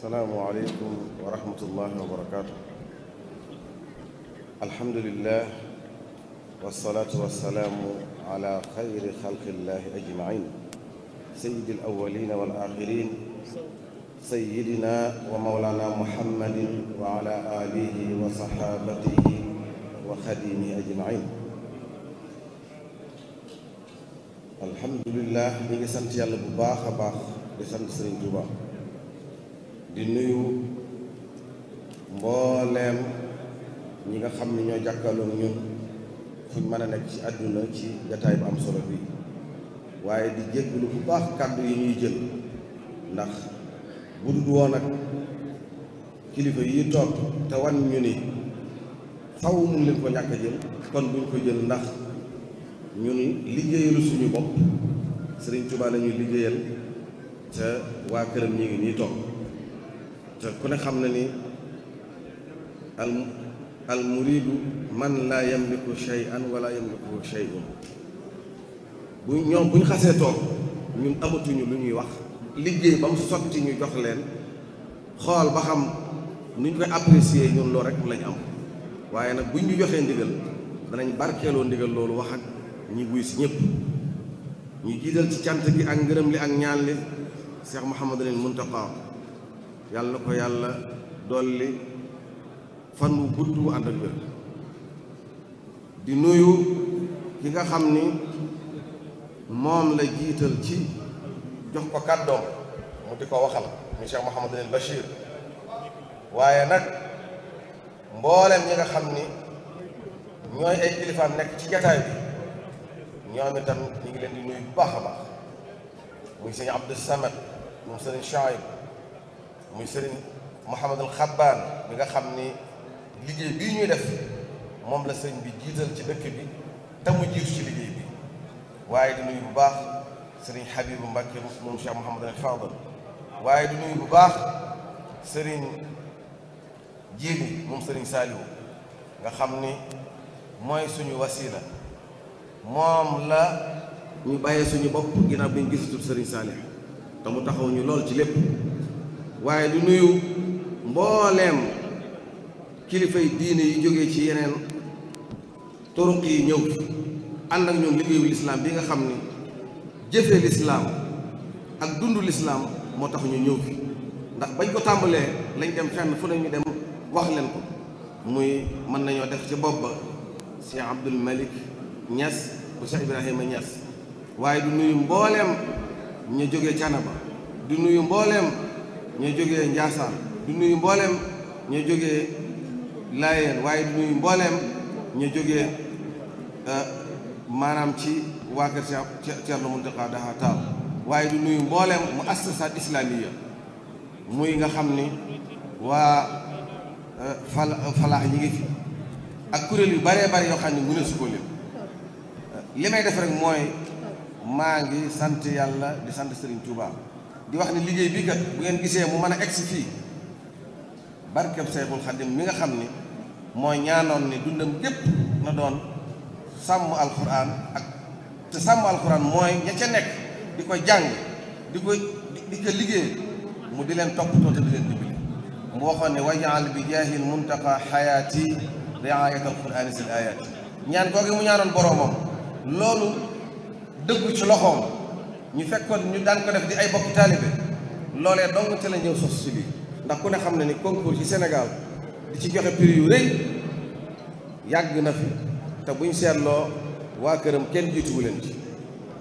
asalaamualeykum wa rahmatullahi wa barakaatu alhamdulillah wasalaatu wasalaamu ala xayri xalqillahi ajmain sayidi alawalina wal axirin sayidina wa maulana muhammadin wa ala alihi wa saxaabatihi wa xadimi ajmain alhamdulillah ñu ngi sant yàlla bu baax a baax di sant Sëriñ Tuubaa di nuyu mbooleem ñi nga xam ni ñoo jàkkaarloog ñun fuñ mën a nekk ci àdduna ci jataay bu am solo bi waaye di jégalu bu baax kàddu yi ñuy jël ndax bu dul woon ak kilifa yi toog te wan ñu ni xaw mun leen ko ñàkk jël kon buñ ko jël ndax ñun liggéeyalu suñu bopp Sëriñ Tuubaa la ñuy liggéeyal te waa këram ñi ngi nii toog te ku ne xam na ni al al muridu man laa yamliku shay'an wala yamliku shay'un bu ñoom bu ñu xasee toog ñun amatuñu lu ñuy wax liggéey ba mu sotti ñu jox leen xool ba xam nu ñu koy apprécier ñun loolu rek lañ am waaye nag bu ñu joxee ndigal danañ barkeeloo ndigal loolu wax ak ñi buy si ñëpp ñu jiital ci cant gi ak ngërëm li ak ñaan li Cheikh Mouhamadou leen Mountakha yàlla na ko yàlla dolli fan wu gudd ànd ak wér di nuyu ki nga xam ni moom la jiital ci jox ko kàddoom mu di ko waxal mu Cheikh Mouhamadul Bachir waaye nag mboolem ñi nga xam ni ñooy ay kilifaam nekk ci jataay bi ñoom itam ñu ngi leen di nuyu bu baax a baax muy sëñ Abdou Samad moom sëñ Chaib muy sëriñ Mouhamadul Xabbaan bi nga xam ni liggéey bii def moom la sëriñ bi jiital ci dëkk bi te mu ci liggéey bi waaye di nuyu bu baax sëriñ Habibu Mbàkke moom Cheikh Mouhamadul Fadal waaye di nuyu bu baax sëriñ Jiili moom sëriñ Saaliwu nga xam ni mooy suñu wasiila moom la ñu bàyyee suñu bopp ginnaaw bi ñu gisatul sëriñ Saalix te mu taxaw lool ci lépp waaye di nuyu mbooleem kilifay diine yi jógee ci yeneen turuq yi ñëw ànd ak ñoom liggéeyu lislaam bi nga xam ni jëfee lislaam ak dundu lislaam moo tax ñu ñëw fi ndax bañ ko tàmbalee lañ dem fenn fu ne dem wax leen ko muy mën nañoo def ci bopp ba Cheikh Abdul Malik Niass bu Cheikh Ibrahima Niass waaye du nuyu mbooleem ñu jógee Canaba du nuyu mbooleem ñoo jóge Njaasaan du nuy mbooleem ñu jóge Laayeen waaye du nuyu mbooleem ñu jóge euh, maanaam ci waa kër Ceerno Muntaxa Daha Taal waaye du nuyu mbooleem mu assasaat islaamiya muy nga xam ni waa euh, fal falaax ñi ngi fi ak kuréel yu baree bari yoo xam ne mu ne su ko li may def rek mooy maa ngi sant yàlla di sant Serigne Touba. di wax ne liggéey bi kat bu ngeen gisee mu mën a egsi fii barkeb Seexul Xadim mi nga xam ni mooy ñaanoon ni dundam gépp na doon sàmm alxuraan ak te sàmm alxuraan mooy ña ca nekk di ko jàng di ko di ko liggéey mu di leen toppatoo te di leen dimbali mu waxoon ne wajaal bi jaahil muntaqa xayaati riayat alquraani sil ayaati ñaan koogi mu ñaanoon boroomam loolu dëggu ci loxoom ñu fekkoon ñu daan ko def di ay bokki taalibe loolee dong ci la ñëw sos si ndax ku ne xam na ni concours ci Sénégal di ci joxe prix yu rëy yàgg na fi te bu ñu seetloo waa këram kenn jiituwu leen ci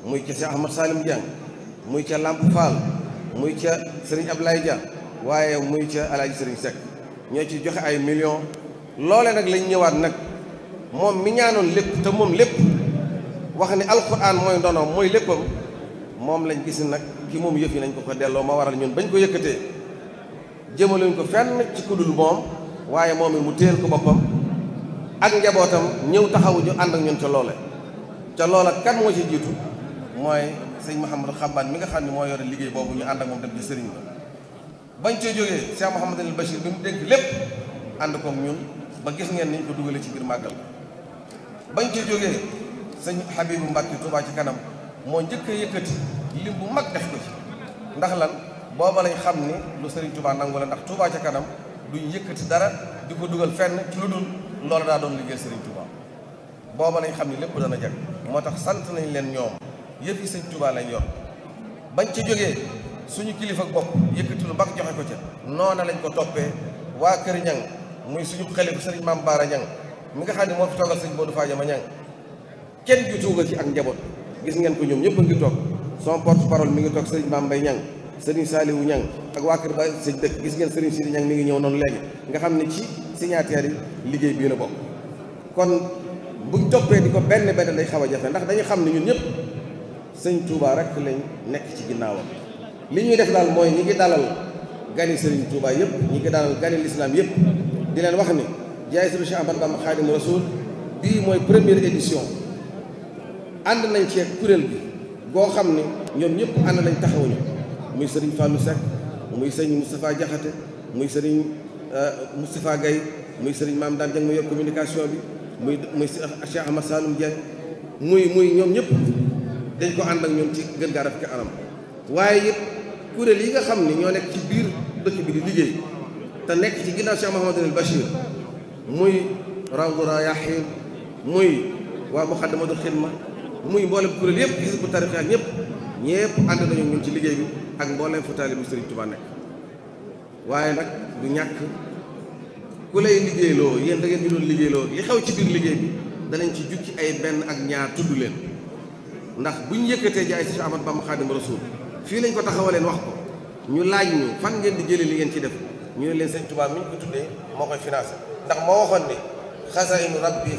muy ca Cheikh Ahmad Salim jàng muy ca Lamp Fall muy ca Serigne lay Dia waaye muy ca Alaaji Serigne Seck ñoo ci joxe ay millions loole nag lañ ñëwaat nag moom mi ñaanoon lépp te moom lépp wax ni alquran mooy ndonoom mooy léppam moom lañ gis nag ki moom yëf yi nañ ko ko delloo ma waral ñun bañ ko yëkkatee jëmaluñ ko fenn ci kudul moom waaye moom it mu téel ko boppam ak njabootam ñëw taxawu ñu ànd ak ñun ca loole ca loola kan moo ci jiitu mooy sëñ Mouhamadou Xabbaan mi nga xam ne moo yore liggéey boobu ñu ànd ak moom dem di sëriñ ba bañ cee jógee Cheikh Mouhamadou Bachir bi mu dénk lépp ànd koog ñun ba gis ngeen niñ ko dugalee ci biir màggal bañ cee jógee sëñ Habibou Mbacke Touba ci kanam moo njëkk a yëkkati lim bu mag def ko ci ndax lan booba lañ xam ni lu Serigne Touba nangu la ndax Touba ca kanam duñ yëkkati dara di ko dugal fenn ci lu dul loolu daa doon liggéey Serigne Touba booba lañ xam ni lépp dana jag moo tax sant nañ leen ñoom yëf yi Serigne Touba lañ yor bañ ca jógee suñu kilifa bopp yëkkati lu mag joxe ko ca noona lañ ko toppee waa kër ñaŋ muy suñu xalifa Serigne Mame Bara ñang mu nga xam ne moo fi toogal Serigne Modou Fadio ma ñang kenn ju tuuga ak njaboot gis ngeen ko ñoom ñëpp a ngi toog son porte parole mi ngi toog sëriñ Mame Mbaye Niang sëriñ Saliou Niang ak waa Kër Ba sëñ dëkk gis ngeen sëriñ Sidi Niang mi ngi ñëw noonu léegi nga xam ne ci signataires liggéey bii la bokk kon bu toppee di ko benn benn day xaw a jafe ndax dañu xam ne ñun ñëpp sëñ tuubaa rek lañ nekk ci ginnaawam li ñuy def daal mooy ñu ngi dalal gani sëriñ Touba yëpp ñu ngi dalal gani lislaam yëpp di leen wax ni jaay si Cheikh Ahmadou Bamba Khadimu Rasoul bii mooy première édition ànd nañ ci kuréel bi goo xam ne ñoom ñëpp ànd nañ taxawuñu muy sëriñ Fallou Seck muy sëriñ Moustapha Diakhaté muy sëriñ euh, Moustapha gay muy sëriñ Mame Dame Dieng mu yor communication bi muy muy Cheikh Ahmad Saloum Dieng muy muy ñoom ñëpp dañ ko ànd ak ñoom ci gën gaa rafet anam waaye it kuréel yi nga xam ni ñoo nekk ci biir dëkk bi di liggéey te nekk ci ginnaaw Cheikh Mouhamadou El Bachir muy Rawdu Rayahin muy waa Muxaddamatul Xidma muy mboolem kuréel yëpp gis bu tarix ak ñëpp ñëpp ànd nañu ñun ci liggéey bi ak mboolem fu taalibu Sëriñ Tuubaa nekk waaye nag du ñàkk ku lay liggéeyloo yéen da ngeen ñu doon liggéeyloo li xew ci biir liggéey bi danañ ci jukki ay benn ak ñaar tudd leen ndax bu ñu yëkkatee jaay si Ahmad Bamba Xaadimu Rasuul fii lañ ko taxawaleen wax ko ñu laaj ñu fan ngeen di jëlee li ngeen ci def ñu ne leen Sëriñ Tuubaa mi ñu ko tuddee moo koy financé ndax moo waxoon ni xasainu rabbi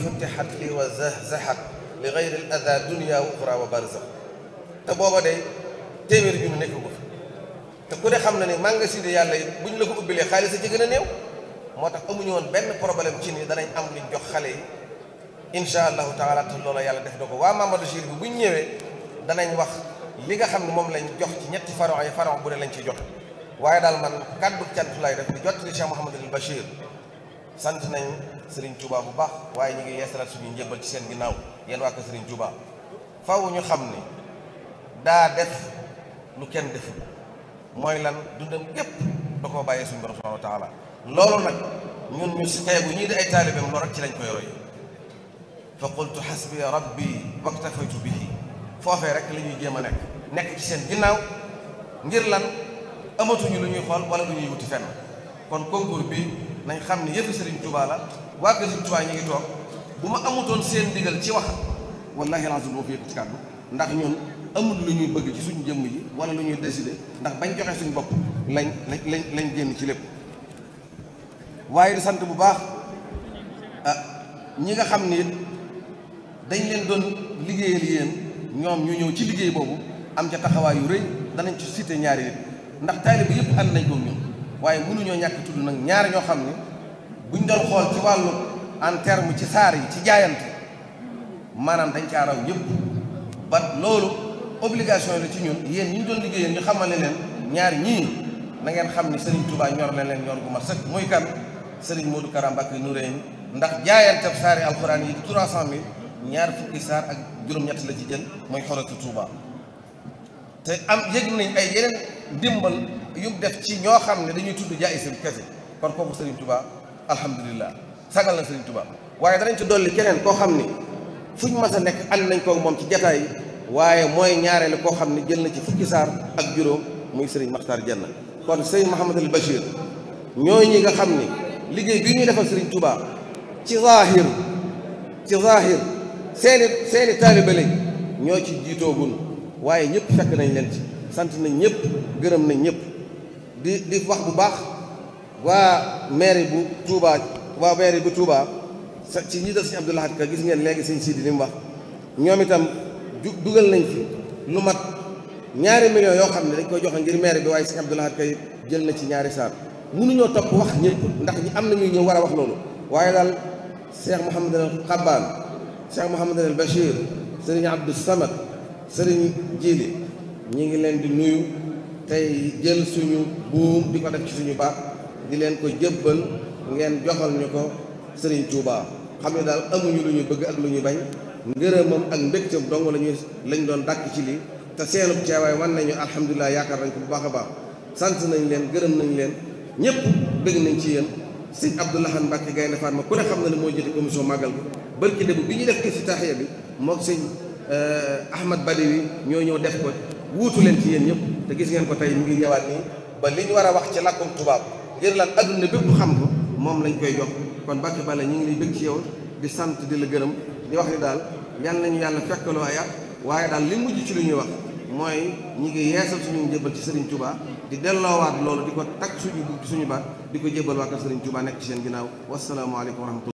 li xayril ada dunia wa uxra wa barza te booba day téeméer junni nekk ko fi te ku ne xam na ne nga yi yàlla yi bu ñu la ko ubbilee xaalis a ci gën a néew moo tax amuñu woon benn problème ci ni danañ am luñ jox xale yi incha allahu taala te loola yàlla def na ko waa Mamadou Chir bi bu ñëwee danañ wax li nga xam ne moom lañ jox ci ñetti faron yi faron bu ne lañ ciy jox waaye daal man kàddu cant lay def di jot li Cheikh Mouhamadul Bachir sant nañ Serigne Touba bu waaye ñu ngi yeesalaat suñu njëbbal ci seen ginnaaw. yéen waa ko Serigne Touba faw ñu xam ni daa def lu kenn deful mooy lan dundam gépp da koo bàyyee suñu borom subhanahu wa taala loolu nag ñun ñu si tey bu ñii di ay taalibeem loolu rek ci lañ koy roy fa rek la ñuy jéem a nekk nekk ci seen ginnaaw ngir lan amatuñu lu ñuy xool wala lu ñuy wuti fenn kon concours bi nañ xam ne yëpp Serigne Touba la waa Serigne Touba ñu ngi toog bu ma amutoon seen digal ci wax wallahi lazim boo fi yëg ci kàddu ndax ñun amul lu ñuy bëgg ci suñu jëmm yi wala lu ñuy décider ndax bañ joxe suñu bopp lañ lañ lañ génn ci lépp waaye di sant bu baax ah, ñi nga xam ni dañ leen doon liggéeyal yéen ñoom ñu ñëw ci liggéey boobu am ca taxawaay yu rëy danañ ci cité ñaari nit ndax taalibe yëpp ànd nañ ko ñun waaye mënuñoo ñàkk tudd nag ñaari ñoo xam ne buñ doon xool ci wàllu en terme ci saar yi ci jaayante maanaam dañ caa raw ñëpp ba loolu obligation la ci ñun yéen ñi ñu doon liggéey ñu xamal ne leen ñaar ñii na ngeen xam ne Serigne Touba ñor na leen ñor gu mat sëkk muy kan Serigne Modou Kara Mbacké Noreyni ndax jaayanteeb saari alxuraan yi trois cent mille ñaar fukki saar ak juróom-ñett la ci jël mooy xoratu Touba te am yëg nañ ay yeneen ndimbal yu def ci ñoo xam ne dañuy tudd jaay seen kese kon foofu Serigne Touba alhamdulilah. sagal na Serigne tubaab waaye danañ ci dolli keneen koo xam ni fuñ mas a nekk ànd nañ koo moom ci jataay waaye mooy ñaareelu koo xam ni jël na ci fukki saar ak juróom muy Serigne Makhtar jenn kon Serigne Mouhamadul Bachir ñoo ñi nga xam ni liggéey bi ñuy defal Serigne Touba ci zaahir ci zaahir seeni seeni taalibe ñoo ci jiitoo jiitoogun waaye ñëpp fekk nañ leen ci sant nañ ñëpp gërëm nañ ñëpp di di wax bu baax waa maire bu Touba. waa mairie bu Touba sa ci ñi def si Abdou Lahad Ka gis ngeen léegi sëñ Sidi li mu wax ñoom itam dugal nañ fi lu mat ñaari millions yoo xam ne dañ koy joxe ngir mairie bi waaye sëñ Abdou Lahad jël na ci ñaari saar ñoo topp wax ñi ndax ñi am na ñuy ñëw war a wax loolu waaye daal Cheikh Mouhamed El Khabaan Cheikh Mouhamed El Bachir sëriñ Abdou Samad sëriñ Jili ñi ngi leen di nuyu tey jël suñu buum bi ko def ci suñu baax di leen ko jëbbal ngeen joxal ñu ko Serigne Touba xam ne daal amuñu lu ñu bëgg ak lu ñu bañ ngërëmam ak mbégtam dong lañu lañ doon dàkk ci lii te seenub teewaay wan ñu alhamdulilah yaakaar nañ ko bu baax a baax sant nañ leen gërëm nañ leen ñëpp bëgg nañ ci yéen sëñ Abdou Lahad Mbacké Gaïndé Fatma ku ne xam na ne moo jëti commission màggal bi barki débu bi ñu def iftitaaxiya bi mook sëñ euh, Ahmad Badawi ñoo ñëw def ko wuutu leen ci yéen ñëpp te gis ngeen ko tey mu ngi ñëwaat nii ba li war a wax ci làkkum tubaab ngir lan adduna bépp xam ko moom lañ koy jox kon Mbàkke Balla ñu ngi lay bëgg ci yow di sant di la gërëm di wax ni daal yal nañu yàlla fekkaloo ay at waaye daal li mujj ci lu ñuy wax mooy ñi ngi yeesal suñu jëbal ci Serigne Touba di delloo delloowaat loolu di ko takk suñu suñu baat di ko jëbal waat kër Serigne Touba nekk ci seen ginnaaw wasalaamualeykum wa rahmatullah